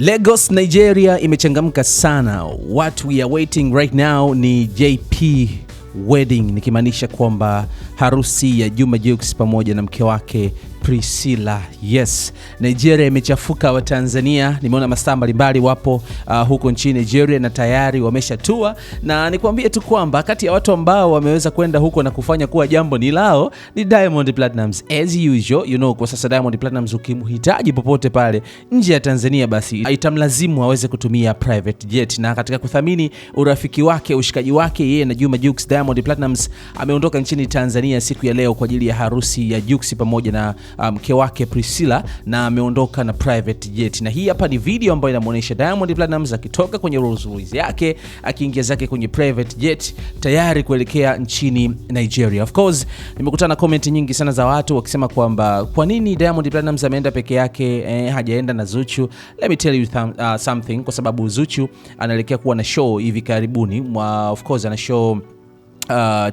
Lagos, Nigeria imechangamka sana. What we are waiting right now ni JP wedding, nikimaanisha kwamba harusi ya Juma Jux pamoja na mke wake Priscilla. Yes, Nigeria imechafuka wa Tanzania. Nimeona mastaa mbalimbali wapo uh, huko nchini Nigeria na tayari wameshatua, na nikwambie tu kwamba kati ya watu ambao wameweza kwenda huko na kufanya kuwa jambo ni lao ni Diamond Platnumz as usual, you know, kwa sasa Diamond Platnumz ukimhitaji popote pale nje ya Tanzania, basi itamlazimu aweze kutumia private jet. Na katika kuthamini urafiki wake, ushikaji wake yeye na Juma Jux, Diamond Platnumz ameondoka nchini Tanzania siku ya leo kwa ajili ya harusi ya Jux pamoja na Uh, mke um, wake Priscilla na ameondoka na private jet, na hii hapa ni video ambayo inamuonesha Diamond Platnumz akitoka kwenye Rolls Royce yake akiingia zake kwenye private jet tayari kuelekea nchini Nigeria. Of course, nimekutana comment nyingi sana za watu wakisema kwamba kwa nini Diamond Platnumz ameenda peke yake eh, hajaenda na Zuchu. Let me tell you uh, something kwa sababu Zuchu anaelekea kuwa na show hivi karibuni. Of course ana show uh,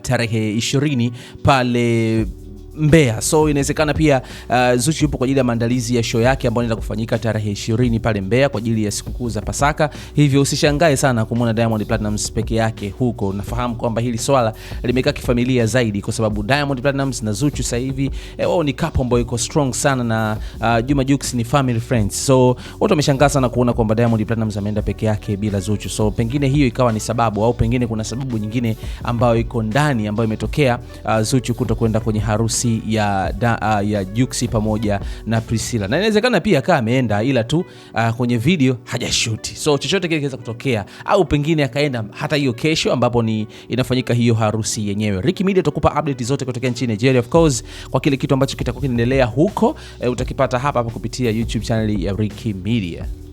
tarehe 20 pale Mbeya. So inawezekana pia uh, Zuchu yupo kwa ajili ya maandalizi ya show yake ambayo inaenda kufanyika tarehe 20 pale Mbeya kwa ajili ya sikukuu za Pasaka, hivyo usishangae sana kumuona Diamond Platnumz peke yake huko. Nafahamu kwamba hili swala limekaa kifamilia zaidi, kwa sababu Diamond Platnumz na Zuchu sasa hivi eh, wao ni couple ambayo iko strong sana na uh, Juma Jux ni family friends, so watu wameshangaa sana kuona kwamba Diamond Platnumz ameenda peke yake bila Zuchu. So pengine hiyo ikawa ni sababu au pengine kuna sababu nyingine ambayo iko ndani ambayo imetokea uh, Zuchu kutokwenda kwenye harusi kesi ya, da, ah, ya Juksi pamoja na Priscilla, na inawezekana pia akawa ameenda ila tu uh, kwenye video hajashuti, so chochote kile kiweza kutokea, au pengine akaenda hata hiyo kesho ambapo ni inafanyika hiyo harusi yenyewe. Rick Media tutakupa update zote kutokea nchini Nigeria, of course, kwa kile kitu ambacho kitakuwa kinaendelea huko, eh, utakipata hapa hapa kupitia YouTube channel ya Rick Media.